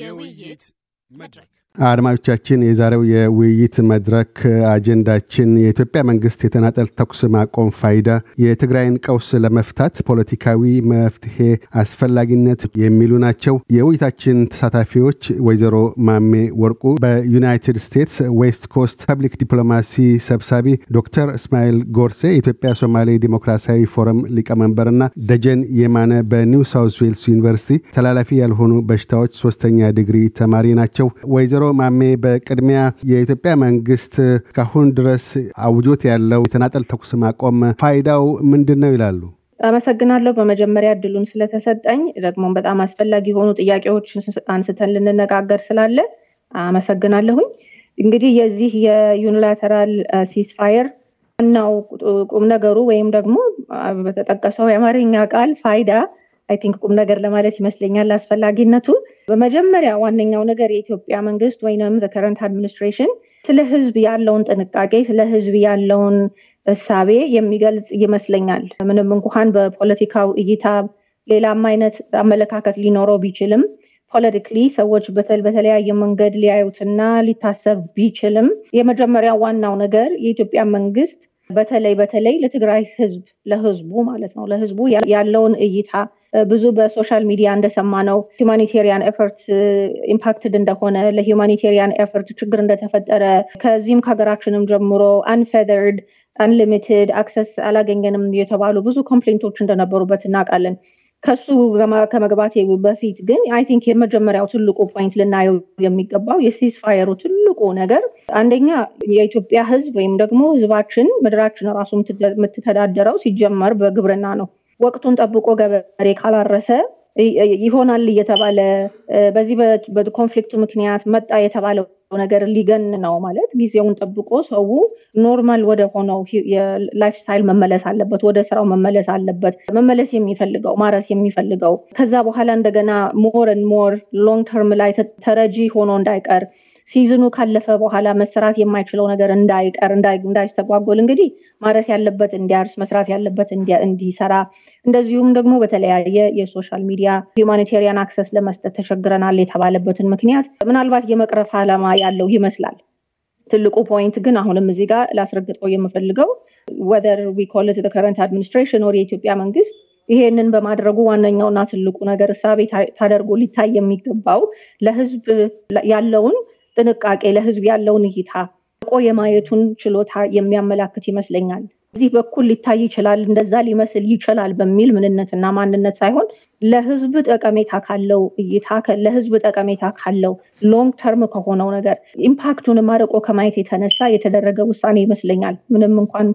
Yearly Yet Madrid. አድማጮቻችን የዛሬው የውይይት መድረክ አጀንዳችን የኢትዮጵያ መንግስት የተናጠል ተኩስ ማቆም ፋይዳ፣ የትግራይን ቀውስ ለመፍታት ፖለቲካዊ መፍትሄ አስፈላጊነት የሚሉ ናቸው። የውይይታችን ተሳታፊዎች ወይዘሮ ማሜ ወርቁ በዩናይትድ ስቴትስ ዌስት ኮስት ፐብሊክ ዲፕሎማሲ ሰብሳቢ፣ ዶክተር እስማኤል ጎርሴ የኢትዮጵያ ሶማሌ ዲሞክራሲያዊ ፎረም ሊቀመንበርና ደጀን የማነ በኒው ሳውዝ ዌልስ ዩኒቨርሲቲ ተላላፊ ያልሆኑ በሽታዎች ሶስተኛ ዲግሪ ተማሪ ናቸው። ወይዘሮ ወይዘሮ ማሜ በቅድሚያ የኢትዮጵያ መንግስት እስካሁን ድረስ አውጆት ያለው የተናጠል ተኩስ ማቆም ፋይዳው ምንድን ነው ይላሉ? አመሰግናለሁ። በመጀመሪያ እድሉን ስለተሰጠኝ ደግሞ በጣም አስፈላጊ የሆኑ ጥያቄዎች አንስተን ልንነጋገር ስላለ አመሰግናለሁኝ። እንግዲህ የዚህ የዩኒላተራል ሲስፋየር ዋናው ቁም ነገሩ ወይም ደግሞ በተጠቀሰው የአማርኛ ቃል ፋይዳ አይ ቲንክ ቁም ነገር ለማለት ይመስለኛል አስፈላጊነቱ በመጀመሪያ ዋነኛው ነገር የኢትዮጵያ መንግስት ወይም ከረንት አድሚኒስትሬሽን ስለ ህዝብ ያለውን ጥንቃቄ ስለ ህዝብ ያለውን እሳቤ የሚገልጽ ይመስለኛል። ምንም እንኳን በፖለቲካው እይታ ሌላም አይነት አመለካከት ሊኖረው ቢችልም ፖለቲክሊ ሰዎች በተለያየ መንገድ ሊያዩትና ሊታሰብ ቢችልም የመጀመሪያ ዋናው ነገር የኢትዮጵያ መንግስት በተለይ በተለይ ለትግራይ ህዝብ ለህዝቡ ማለት ነው ለህዝቡ ያለውን እይታ ብዙ በሶሻል ሚዲያ እንደሰማ ነው ሁማኒቴሪያን ኤፈርት ኢምፓክትድ እንደሆነ ለሁማኒቴሪያን ኤፈርት ችግር እንደተፈጠረ ከዚህም ከሀገራችንም ጀምሮ አንፌደርድ አንሊሚትድ አክሰስ አላገኘንም የተባሉ ብዙ ኮምፕሌንቶች እንደነበሩበት እናውቃለን። ከሱ ከመግባቴ በፊት ግን አይ ቲንክ የመጀመሪያው ትልቁ ፖይንት ልናየው የሚገባው የሲስፋየሩ ትልቁ ነገር አንደኛ የኢትዮጵያ ህዝብ ወይም ደግሞ ህዝባችን ምድራችን ራሱ የምትተዳደረው ሲጀመር በግብርና ነው። ወቅቱን ጠብቆ ገበሬ ካላረሰ ይሆናል እየተባለ በዚህ በኮንፍሊክቱ ምክንያት መጣ የተባለው ነገር ሊገን ነው ማለት ጊዜውን ጠብቆ ሰው ኖርማል ወደ ሆነው የላይፍ ስታይል መመለስ አለበት፣ ወደ ስራው መመለስ አለበት። መመለስ የሚፈልገው ማረስ የሚፈልገው ከዛ በኋላ እንደገና ሞር ን ሞር ሎንግ ተርም ላይ ተረጂ ሆኖ እንዳይቀር ሲዝኑ ካለፈ በኋላ መሰራት የማይችለው ነገር እንዳይቀር እንዳይስተጓጎል እንግዲህ ማረስ ያለበት እንዲያርስ መስራት ያለበት እንዲሰራ እንደዚሁም ደግሞ በተለያየ የሶሻል ሚዲያ ሁማኒቴሪያን አክሰስ ለመስጠት ተቸግረናል የተባለበትን ምክንያት ምናልባት የመቅረፍ አላማ ያለው ይመስላል። ትልቁ ፖይንት ግን አሁንም እዚህ ጋር ላስረግጠው የምፈልገው ወደር ዊ ኮል ከረንት አድሚኒስትሬሽን ወር የኢትዮጵያ መንግስት ይሄንን በማድረጉ ዋነኛውና ትልቁ ነገር እሳቤ ታደርጎ ሊታይ የሚገባው ለህዝብ ያለውን ጥንቃቄ፣ ለህዝብ ያለውን እይታ ቆ የማየቱን ችሎታ የሚያመላክት ይመስለኛል። እዚህ በኩል ሊታይ ይችላል፣ እንደዛ ሊመስል ይችላል በሚል ምንነትና ማንነት ሳይሆን ለህዝብ ጠቀሜታ ካለው እይታ ለህዝብ ጠቀሜታ ካለው ሎንግ ተርም ከሆነው ነገር ኢምፓክቱን አርቆ ከማየት የተነሳ የተደረገ ውሳኔ ይመስለኛል ምንም እንኳን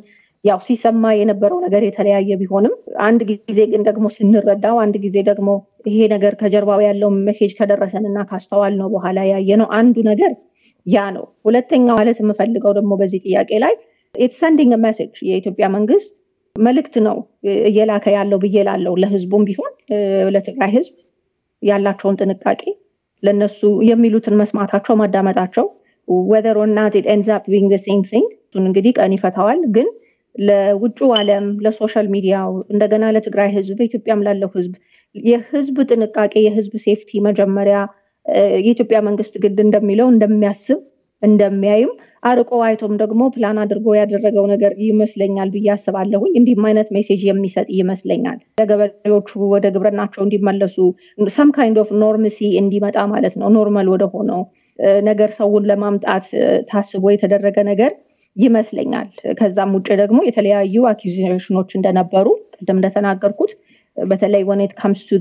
ያው ሲሰማ የነበረው ነገር የተለያየ ቢሆንም አንድ ጊዜ ግን ደግሞ ስንረዳው አንድ ጊዜ ደግሞ ይሄ ነገር ከጀርባው ያለው መሴጅ ከደረሰን እና ካስተዋል ነው በኋላ ያየ ነው አንዱ ነገር ያ ነው። ሁለተኛው ማለት የምፈልገው ደግሞ በዚህ ጥያቄ ላይ ኢትሰንዲንግ መሴጅ የኢትዮጵያ መንግስት መልእክት ነው እየላከ ያለው ብዬ ላለው ለህዝቡም ቢሆን ለትግራይ ህዝብ ያላቸውን ጥንቃቄ ለነሱ የሚሉትን መስማታቸው ማዳመጣቸው ወደር ኦር ናት ንግ ሴም ቲንግ እንግዲህ ቀን ይፈታዋል ግን ለውጩ ዓለም ለሶሻል ሚዲያው እንደገና ለትግራይ ህዝብ በኢትዮጵያም ላለው ህዝብ የህዝብ ጥንቃቄ የህዝብ ሴፍቲ መጀመሪያ የኢትዮጵያ መንግስት ግድ እንደሚለው እንደሚያስብ እንደሚያይም አርቆ አይቶም ደግሞ ፕላን አድርጎ ያደረገው ነገር ይመስለኛል ብዬ አስባለሁኝ። እንዲህም አይነት ሜሴጅ የሚሰጥ ይመስለኛል ለገበሬዎቹ ወደ ግብርናቸው እንዲመለሱ ሰም ካይንድ ኦፍ ኖርምሲ እንዲመጣ ማለት ነው። ኖርማል ወደሆነው ነገር ሰውን ለማምጣት ታስቦ የተደረገ ነገር ይመስለኛል። ከዛም ውጭ ደግሞ የተለያዩ አኪዜሽኖች እንደነበሩ ቅድም እንደተናገርኩት በተለይ ወኔት ካምስ ቱ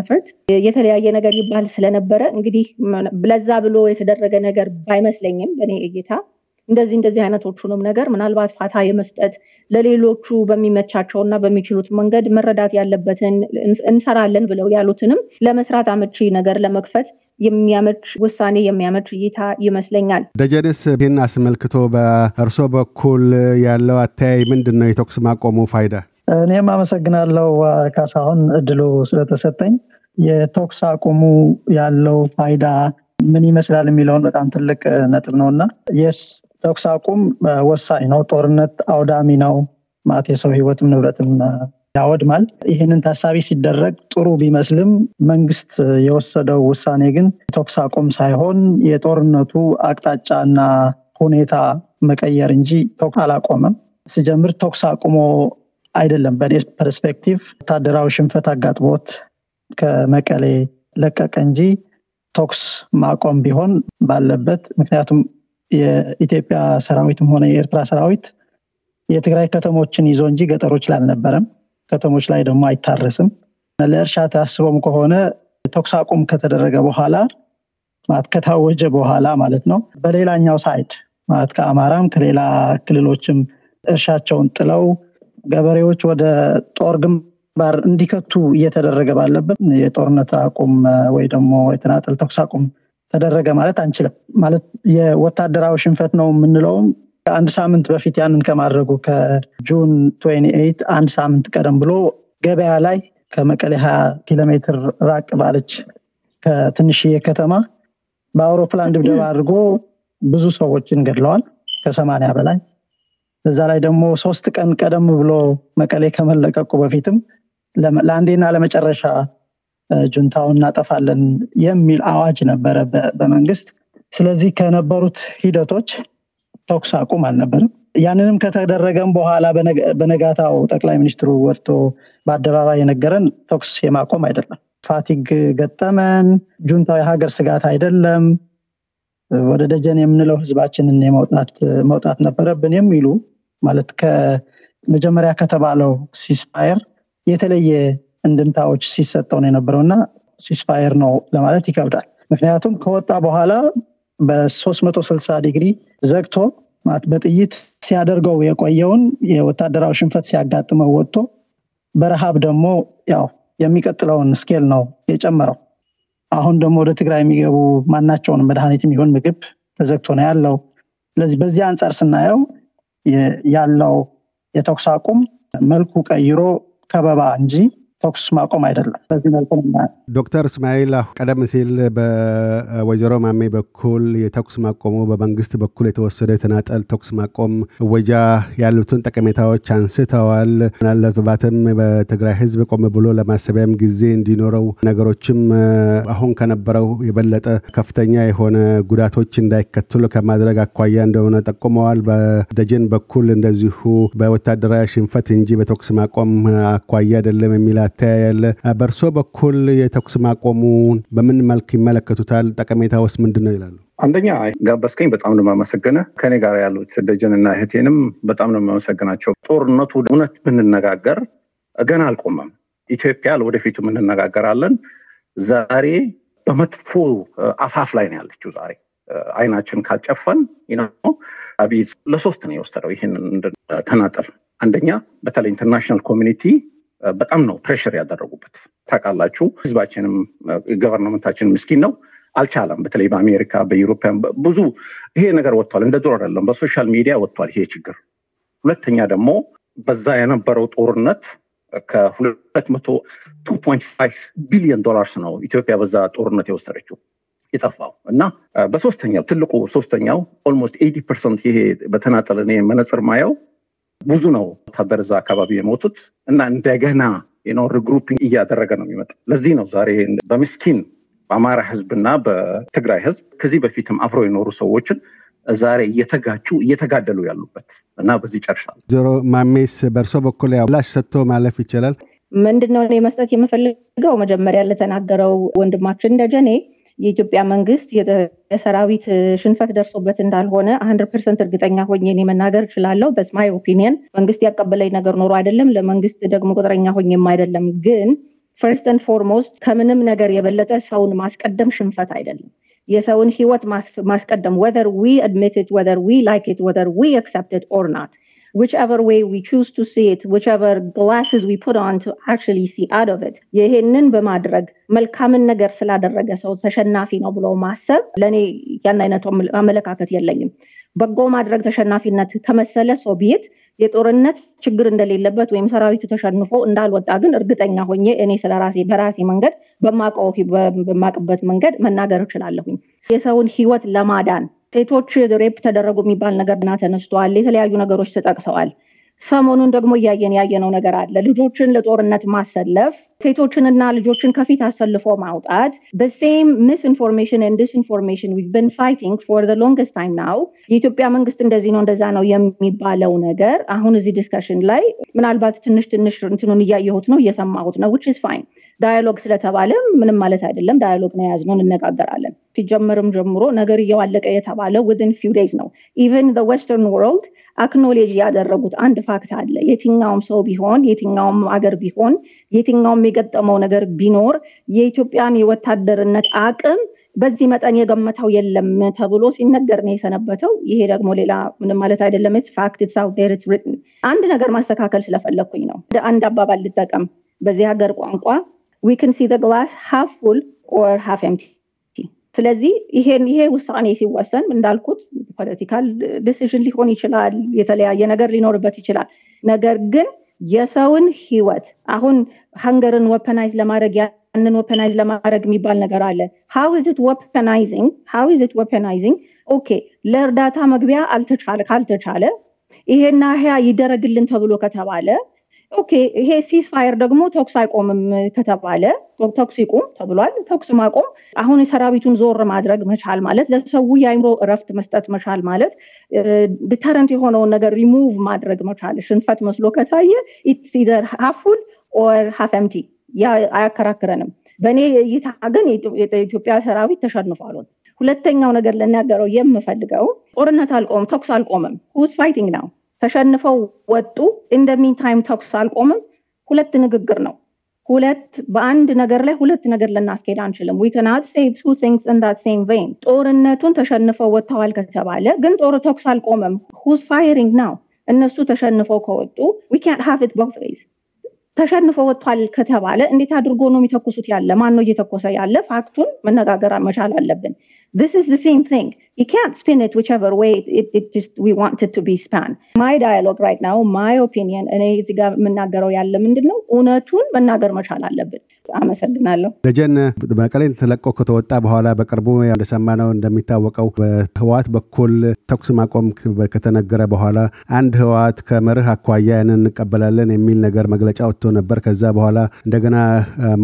ኤፈርት የተለያየ ነገር ይባል ስለነበረ እንግዲህ ለዛ ብሎ የተደረገ ነገር ባይመስለኝም በእኔ እይታ እንደዚህ እንደዚህ አይነቶቹንም ነገር ምናልባት ፋታ የመስጠት ለሌሎቹ በሚመቻቸው እና በሚችሉት መንገድ መረዳት ያለበትን እንሰራለን ብለው ያሉትንም ለመስራት አመቺ ነገር ለመክፈት የሚያመች ውሳኔ የሚያመች እይታ ይመስለኛል። ደጀኔስ ይህን አስመልክቶ በእርሶ በኩል ያለው አተያይ ምንድን ነው? የተኩስ ማቆሙ ፋይዳ? እኔም አመሰግናለሁ ካሳሁን እድሉ ስለተሰጠኝ። የተኩስ አቁሙ ያለው ፋይዳ ምን ይመስላል የሚለውን በጣም ትልቅ ነጥብ ነው እና የስ ተኩስ አቁም ወሳኝ ነው። ጦርነት አውዳሚ ነው ማለት የሰው ህይወትም ንብረትም ያወድማል። ይህንን ታሳቢ ሲደረግ ጥሩ ቢመስልም መንግስት የወሰደው ውሳኔ ግን ተኩስ አቁም ሳይሆን የጦርነቱ አቅጣጫና ሁኔታ መቀየር እንጂ ተኩስ አላቆመም። ሲጀምር ተኩስ አቁሞ አይደለም። በእኔ ፐርስፔክቲቭ ወታደራዊ ሽንፈት አጋጥሞት ከመቀሌ ለቀቀ እንጂ ተኩስ ማቆም ቢሆን ባለበት። ምክንያቱም የኢትዮጵያ ሰራዊትም ሆነ የኤርትራ ሰራዊት የትግራይ ከተሞችን ይዞ እንጂ ገጠሮች ላልነበረም ከተሞች ላይ ደግሞ አይታረስም። ለእርሻ ታስበም ከሆነ ተኩስ አቁም ከተደረገ በኋላ ማለት ከታወጀ በኋላ ማለት ነው። በሌላኛው ሳይድ ማለት ከአማራም ከሌላ ክልሎችም እርሻቸውን ጥለው ገበሬዎች ወደ ጦር ግንባር እንዲከቱ እየተደረገ ባለበት የጦርነት አቁም ወይ ደግሞ የተናጠል ተኩስ አቁም ተደረገ ማለት አንችልም። ማለት የወታደራዊ ሽንፈት ነው የምንለውም አንድ ሳምንት በፊት ያንን ከማድረጉ ከጁን 28 አንድ ሳምንት ቀደም ብሎ ገበያ ላይ ከመቀሌ 20 ኪሎ ሜትር ራቅ ባለች ከትንሽዬ ከተማ በአውሮፕላን ድብደባ አድርጎ ብዙ ሰዎችን ገድለዋል ከሰማኒያ በላይ እዛ ላይ ደግሞ ሶስት ቀን ቀደም ብሎ መቀሌ ከመለቀቁ በፊትም ለአንዴና ለመጨረሻ ጁንታውን እናጠፋለን የሚል አዋጅ ነበረ በመንግስት ስለዚህ ከነበሩት ሂደቶች ተኩስ አቁም አልነበርም። ያንንም ከተደረገም በኋላ በነጋታው ጠቅላይ ሚኒስትሩ ወጥቶ በአደባባይ የነገረን ተኩስ የማቆም አይደለም፣ ፋቲግ ገጠመን፣ ጁንታዊ የሀገር ስጋት አይደለም፣ ወደ ደጀን የምንለው ህዝባችንን መውጣት ነበረብን የሚሉ ማለት ከመጀመሪያ ከተባለው ሲስፓየር የተለየ እንድምታዎች ሲሰጠው ነው የነበረው እና ነው ለማለት ይከብዳል። ምክንያቱም ከወጣ በኋላ በ360 ዲግሪ ዘግቶ በጥይት ሲያደርገው የቆየውን የወታደራዊ ሽንፈት ሲያጋጥመው ወጥቶ በረሃብ ደግሞ ያው የሚቀጥለውን ስኬል ነው የጨመረው። አሁን ደግሞ ወደ ትግራይ የሚገቡ ማናቸውን መድኃኒት የሚሆን ምግብ ተዘግቶ ነው ያለው። ስለዚህ በዚህ አንጻር ስናየው ያለው የተኩስ አቁም መልኩ ቀይሮ ከበባ እንጂ ተኩስ ማቆም አይደለም። በዚህ መልኩ ዶክተር እስማኤል ቀደም ሲል በወይዘሮ ማሜ በኩል የተኩስ ማቆሙ በመንግስት በኩል የተወሰደ የተናጠል ተኩስ ማቆም እወጃ ያሉትን ጠቀሜታዎች አንስተዋል። ምናልባትም በትግራይ ህዝብ ቆም ብሎ ለማሰቢያም ጊዜ እንዲኖረው ነገሮችም አሁን ከነበረው የበለጠ ከፍተኛ የሆነ ጉዳቶች እንዳይከትሉ ከማድረግ አኳያ እንደሆነ ጠቁመዋል። በደጀን በኩል እንደዚሁ በወታደራዊ ሽንፈት እንጂ በተኩስ ማቆም አኳያ አይደለም የሚላ ያታያል? በእርሶ በኩል የተኩስ ማቆሙን በምን መልክ ይመለከቱታል? ጠቀሜታ ውስጥ ምንድን ነው ይላሉ? አንደኛ ጋበስከኝ በጣም ነው የማመሰግነህ። ከኔ ጋር ያሉት እና እህቴንም በጣም ነው የማመሰግናቸው። ጦርነቱ እውነት ብንነጋገር ገና አልቆመም። ኢትዮጵያ ለወደፊቱ እንነጋገራለን። ዛሬ በመጥፎ አፋፍ ላይ ነው ያለችው። ዛሬ አይናችን ካልጨፈን አብይ ለሶስት ነው የወሰደው ይህን ተናጠል። አንደኛ በተለይ ኢንተርናሽናል ኮሚኒቲ በጣም ነው ፕሬሽር ያደረጉበት ታውቃላችሁ። ህዝባችንም ገቨርንመንታችን ምስኪን ነው አልቻለም። በተለይ በአሜሪካ በዩሮፒያን ብዙ ይሄ ነገር ወጥቷል። እንደ ዱር አይደለም፣ በሶሻል ሚዲያ ወጥቷል ይሄ ችግር። ሁለተኛ ደግሞ በዛ የነበረው ጦርነት ከ2 ቢሊዮን ዶላርስ ነው ኢትዮጵያ በዛ ጦርነት የወሰደችው የጠፋው እና በሶስተኛው ትልቁ ሶስተኛው ኦልሞስት ኤቲ ፐርሰንት ይሄ በተናጠለ መነፅር ማየው ብዙ ነው ወታደር እዛ አካባቢ የሞቱት እና እንደገና የኖር ግሩፒንግ እያደረገ ነው የሚመጣ። ለዚህ ነው ዛሬ በምስኪን በአማራ ህዝብና በትግራይ ህዝብ ከዚህ በፊትም አብረው የኖሩ ሰዎችን ዛሬ እየተጋጩ እየተጋደሉ ያሉበት እና በዚህ ጨርሻ ዞሮ ማሜስ በእርሶ በኩል ያው ላሽ ሰጥቶ ማለፍ ይችላል። ምንድነው እኔ መስጠት የምፈልገው መጀመሪያ ለተናገረው ወንድማችን ደጀኔ የኢትዮጵያ መንግስት የሰራዊት ሽንፈት ደርሶበት እንዳልሆነ አንድ ፐርሰንት እርግጠኛ ሆኜ እኔ መናገር እችላለሁ። በስማይ ኦፒኒየን መንግስት ያቀበለኝ ነገር ኖሮ አይደለም፣ ለመንግስት ደግሞ ቁጥረኛ ሆኜም አይደለም። ግን ፈርስት ን ፎርሞስት ከምንም ነገር የበለጠ ሰውን ማስቀደም ሽንፈት አይደለም። የሰውን ህይወት ማስቀደም ወደር ዊ አድሚትድ ወደር ዊ ላይክ ኢት ወደር ዊ ኦር ናት whichever way we choose to see it, whichever glasses we put on to actually see out of it ይህንን በማድረግ መልካምን ነገር ስላደረገ ሰው ተሸናፊ ነው ብሎ ማሰብ ለእኔ ያን አይነቱ አመለካከት የለኝም። በጎ ማድረግ ተሸናፊነት ከመሰለ ሰው ቢየት የጦርነት ችግር እንደሌለበት ወይም ሰራዊቱ ተሸንፎ እንዳልወጣ ግን እርግጠኛ ሆኜ እኔ ስለራሴ በራሴ መንገድ በማቀው በማቅበት መንገድ መናገር እችላለሁኝ። የሰውን ህይወት ለማዳን ሴቶች ሬፕ ተደረጉ የሚባል ነገርና ተነስቷል። የተለያዩ ነገሮች ተጠቅሰዋል። ሰሞኑን ደግሞ እያየን ያየነው ነገር አለ። ልጆችን ለጦርነት ማሰለፍ፣ ሴቶችንና ልጆችን ከፊት አሰልፎ ማውጣት በሴም ሚስ ኢንፎርሜሽን ን ዲስ ኢንፎርሜሽን ብን ፋይቲንግ ፎር ዘ ሎንግስት ታይም ናው። የኢትዮጵያ መንግስት እንደዚህ ነው እንደዛ ነው የሚባለው ነገር አሁን እዚህ ዲስካሽን ላይ ምናልባት ትንሽ ትንሽ እንትኑን እያየሁት ነው እየሰማሁት ነው ዊች ኢዝ ፋይን ዳያሎግ ስለተባለ ምንም ማለት አይደለም። ዳያሎግ ነው የያዝነው፣ እንነጋገራለን። ሲጀምርም ጀምሮ ነገር እየዋለቀ የተባለ ውድን ፊው ዴይዝ ነው። ኢቨን ወስተርን ወርልድ አክኖሌጅ ያደረጉት አንድ ፋክት አለ። የትኛውም ሰው ቢሆን የትኛውም አገር ቢሆን የትኛውም የገጠመው ነገር ቢኖር የኢትዮጵያን የወታደርነት አቅም በዚህ መጠን የገመተው የለም ተብሎ ሲነገር ነው የሰነበተው። ይሄ ደግሞ ሌላ ምንም ማለት አይደለም። ፋክት አንድ ነገር ማስተካከል ስለፈለግኩኝ ነው። አንድ አባባል ልጠቀም በዚህ ሀገር ቋንቋ ዊክን ሲ ግላስ ሀፍ ፉል ኦር ሀፍ ኤምቲ ስለዚህ ይሄን ይሄ ውሳኔ ሲወሰን እንዳልኩት ፖለቲካል ዲሲዥን ሊሆን ይችላል የተለያየ ነገር ሊኖርበት ይችላል ነገር ግን የሰውን ህይወት አሁን ሀንገርን ወፐናይዝ ለማድረግ ያንን ወፐናይዝ ለማድረግ የሚባል ነገር አለ ሀው ኢዝት ወፐናይዚንግ ኦኬ ለእርዳታ መግቢያ አልተቻለ ካልተቻለ ይሄና ያ ይደረግልን ተብሎ ከተባለ ኦኬ ይሄ ሲስ ፋየር ደግሞ ተኩስ አይቆምም ከተባለ ተኩስ ይቁም ተብሏል። ተኩስ ማቆም አሁን የሰራዊቱን ዞር ማድረግ መቻል ማለት ለሰው የአይምሮ እረፍት መስጠት መቻል ማለት ዲተረንት የሆነውን ነገር ሪሙቭ ማድረግ መቻል ሽንፈት መስሎ ከታየ ኢትስ ኢዘር ሀፉል ኦር ሀፍ ኤምቲ ያ አያከራክረንም። በእኔ እይታ ግን የኢትዮጵያ ሰራዊት ተሸንፏል። ሁለተኛው ነገር ልናገረው የምፈልገው ጦርነት አልቆምም፣ ተኩስ አልቆምም። ሁዝ ፋይቲንግ ነው ተሸንፈው ወጡ። ኢንደሚን ታይም ተኩስ አልቆምም። ሁለት ንግግር ነው። ሁለት በአንድ ነገር ላይ ሁለት ነገር ልናስኬድ አንችልም። ዊ ሴ ቱ ቲንግስ ኢን ሴም ቬን። ጦርነቱን ተሸንፈው ወጥተዋል ከተባለ ግን ጦር ተኩስ አልቆመም። ሁዝ ፋይሪንግ ናው? እነሱ ተሸንፈው ከወጡ ዊ ካንት ሃቭ ኢት ተሸንፈው ወጥቷል ከተባለ እንዴት አድርጎ ነው የሚተኩሱት? ያለ ማን ነው እየተኮሰ ያለ? ፋክቱን መነጋገር መቻል አለብን። This is the same thing. You can't spin it whichever way it, it just we want it to be spun. My dialogue right now, my opinion እኔ እዚህ ጋር የምናገረው ያለ ምንድን ነው እውነቱን መናገር መቻል አለብን። አመሰግናለሁ። ደጀን መቀሌን ተለቆ ከተወጣ በኋላ በቅርቡ እንደሚታወቀው በኩል ተኩስ ማቆም ከተነገረ በኋላ አንድ ህወሓት ከመርህ አኳያ ያንን እንቀበላለን የሚል ነገር መግለጫ ወጥቶ ነበር። ከዛ በኋላ እንደገና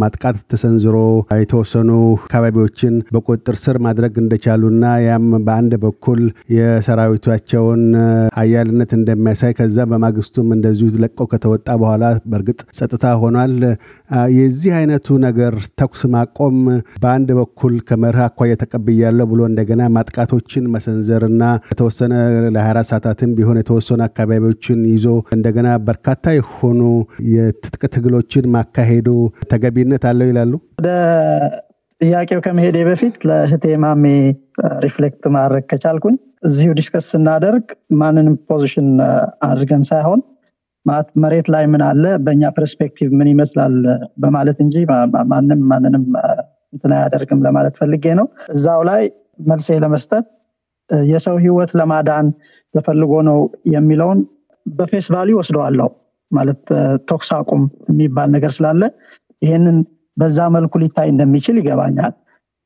ማጥቃት ተሰንዝሮ የተወሰኑ አካባቢዎችን በቁጥጥር ስር ማድረግ ማድረግ እንደቻሉና ያም በአንድ በኩል የሰራዊቷቸውን አያልነት እንደሚያሳይ ከዛ በማግስቱም እንደዚሁ ለቀው ከተወጣ በኋላ በእርግጥ ጸጥታ ሆኗል። የዚህ አይነቱ ነገር ተኩስ ማቆም በአንድ በኩል ከመርህ አኳያ ተቀብያለሁ ብሎ እንደገና ማጥቃቶችን መሰንዘርና የተወሰነ ለ24 ሰዓታትም ቢሆን የተወሰኑ አካባቢዎችን ይዞ እንደገና በርካታ የሆኑ የትጥቅ ትግሎችን ማካሄዱ ተገቢነት አለው ይላሉ። ጥያቄው ከመሄዴ በፊት ለእህቴ ማሜ ሪፍሌክት ማድረግ ከቻልኩኝ እዚሁ ዲስከስ ስናደርግ ማንንም ፖዚሽን አድርገን ሳይሆን መሬት ላይ ምን አለ በእኛ ፐርስፔክቲቭ ምን ይመስላል በማለት እንጂ ማንም ማንንም እንትን አያደርግም ለማለት ፈልጌ ነው እዛው ላይ መልሴ ለመስጠት የሰው ህይወት ለማዳን ተፈልጎ ነው የሚለውን በፌስ ቫሊ ወስደዋለው ማለት ቶክስ አቁም የሚባል ነገር ስላለ ይህንን በዛ መልኩ ሊታይ እንደሚችል ይገባኛል።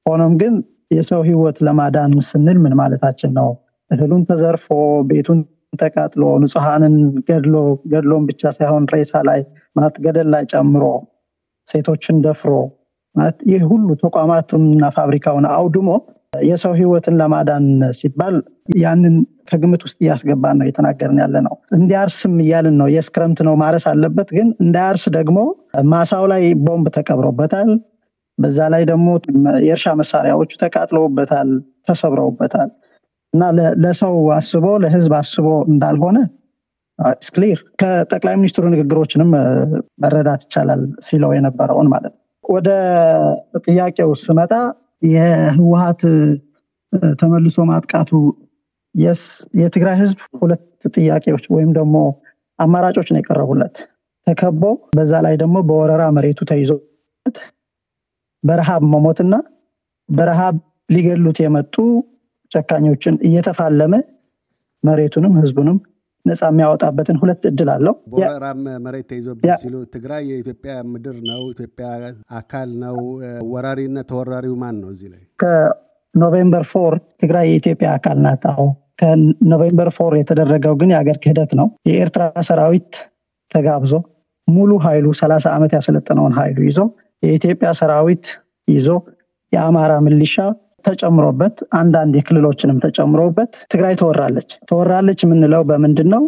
ሆኖም ግን የሰው ህይወት ለማዳን ስንል ምን ማለታችን ነው? እህሉን ተዘርፎ ቤቱን ተቃጥሎ ንጹሐንን ገድሎ ገድሎን ብቻ ሳይሆን ሬሳ ላይ ማለት ገደል ላይ ጨምሮ ሴቶችን ደፍሮ ማለት ይህ ሁሉ ተቋማቱንና ፋብሪካውን አውድሞ የሰው ህይወትን ለማዳን ሲባል ያንን ከግምት ውስጥ እያስገባን ነው እየተናገርን ያለ ነው። እንዲያርስም እያልን ነው። የስክረምት ነው ማረስ አለበት። ግን እንዳያርስ ደግሞ ማሳው ላይ ቦምብ ተቀብሮበታል። በዛ ላይ ደግሞ የእርሻ መሳሪያዎቹ ተቃጥለውበታል፣ ተሰብረውበታል እና ለሰው አስቦ ለህዝብ አስቦ እንዳልሆነ ስክሊር ከጠቅላይ ሚኒስትሩ ንግግሮችንም መረዳት ይቻላል ሲለው የነበረውን ማለት ወደ ጥያቄው ስመጣ የህወሀት ተመልሶ ማጥቃቱ የትግራይ ህዝብ ሁለት ጥያቄዎች ወይም ደግሞ አማራጮች ነው የቀረቡለት ተከቦ በዛ ላይ ደግሞ በወረራ መሬቱ ተይዞ በረሃብ መሞትና በረሃብ ሊገሉት የመጡ ጨካኞችን እየተፋለመ መሬቱንም ህዝቡንም ነፃ የሚያወጣበትን ሁለት እድል አለው። በወረራም መሬት ተይዞብን ሲሉ ትግራይ የኢትዮጵያ ምድር ነው፣ ኢትዮጵያ አካል ነው። ወራሪና ተወራሪው ማን ነው እዚህ ላይ ኖቬምበር ፎር ትግራይ የኢትዮጵያ አካል ናት። አዎ ከኖቬምበር ፎር የተደረገው ግን የሀገር ክህደት ነው። የኤርትራ ሰራዊት ተጋብዞ ሙሉ ኃይሉ ሰላሳ ዓመት ያሰለጠነውን ኃይሉ ይዞ የኢትዮጵያ ሰራዊት ይዞ የአማራ ምልሻ ተጨምሮበት አንዳንድ የክልሎችንም ተጨምሮበት ትግራይ ትወራለች። ትወራለች የምንለው በምንድን ነው?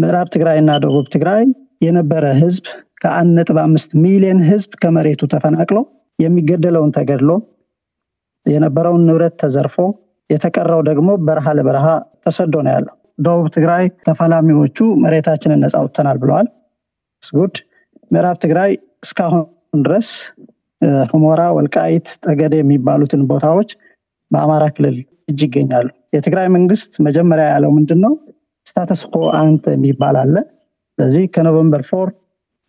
ምዕራብ ትግራይ እና ደቡብ ትግራይ የነበረ ህዝብ ከአንድ ነጥብ አምስት ሚሊዮን ህዝብ ከመሬቱ ተፈናቅሎ የሚገደለውን ተገድሎ የነበረውን ንብረት ተዘርፎ የተቀረው ደግሞ በረሃ ለበረሃ ተሰዶ ነው ያለው። ደቡብ ትግራይ ተፋላሚዎቹ መሬታችንን ነፃ ወጥተናል ብለዋል። ስጉድ ምዕራብ ትግራይ እስካሁን ድረስ ሁመራ፣ ወልቃይት፣ ጠገዴ የሚባሉትን ቦታዎች በአማራ ክልል እጅ ይገኛሉ። የትግራይ መንግስት መጀመሪያ ያለው ምንድን ነው? ስታተስ ኮ አንተ የሚባል አለ። ስለዚህ ከኖቨምበር ፎር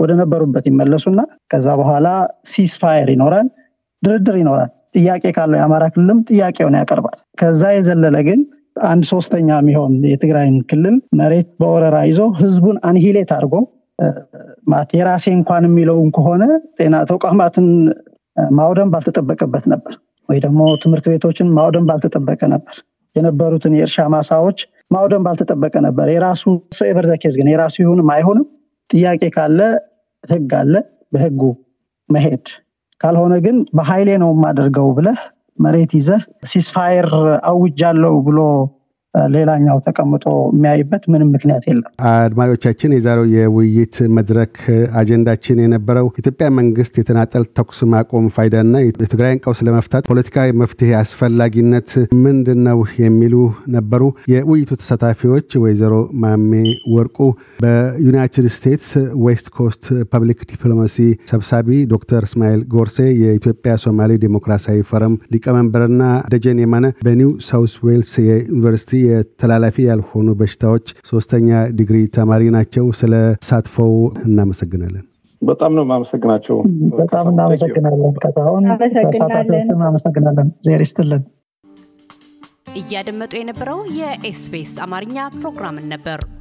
ወደ ነበሩበት ይመለሱና ከዛ በኋላ ሲስፋየር ይኖራል፣ ድርድር ይኖራል። ጥያቄ ካለው የአማራ ክልልም ጥያቄውን ያቀርባል። ከዛ የዘለለ ግን አንድ ሶስተኛ የሚሆን የትግራይን ክልል መሬት በወረራ ይዞ ህዝቡን አንሂሌት አድርጎ የራሴ እንኳን የሚለውን ከሆነ ጤና ተቋማትን ማውደም ባልተጠበቀበት ነበር፣ ወይ ደግሞ ትምህርት ቤቶችን ማውደም ባልተጠበቀ ነበር። የነበሩትን የእርሻ ማሳዎች ማውደም ባልተጠበቀ ነበር። የራሱ ሰው የበርዘኬዝ ግን የራሱ ይሁንም አይሆንም ጥያቄ ካለ ህግ አለ፣ በህጉ መሄድ ካልሆነ ግን በኃይሌ ነው የማደርገው ብለህ መሬት ይዘህ ሲስፋየር አውጃለው ብሎ ሌላኛው ተቀምጦ የሚያይበት ምንም ምክንያት የለም። አድማጮቻችን፣ የዛሬው የውይይት መድረክ አጀንዳችን የነበረው ኢትዮጵያ መንግስት የተናጠል ተኩስ ማቆም ፋይዳና የትግራይን ቀውስ ለመፍታት ፖለቲካዊ መፍትሄ አስፈላጊነት ምንድን ነው የሚሉ ነበሩ። የውይይቱ ተሳታፊዎች ወይዘሮ ማሜ ወርቁ በዩናይትድ ስቴትስ ዌስት ኮስት ፐብሊክ ዲፕሎማሲ ሰብሳቢ፣ ዶክተር እስማኤል ጎርሴ የኢትዮጵያ ሶማሌ ዴሞክራሲያዊ ፎረም ሊቀመንበርና ደጀን የማነ በኒው ሳውስ ዌልስ የዩኒቨርሲቲ የተላላፊ ያልሆኑ በሽታዎች ሶስተኛ ዲግሪ ተማሪ ናቸው። ስለ ሳትፈው እናመሰግናለን። በጣም ነው ማመሰግናቸው። በጣም እናመሰግናለን። ከሳሁን እናመሰግናለን። ዜር ይስጥልን። እያደመጡ የነበረው የኤስፔስ አማርኛ ፕሮግራምን ነበር።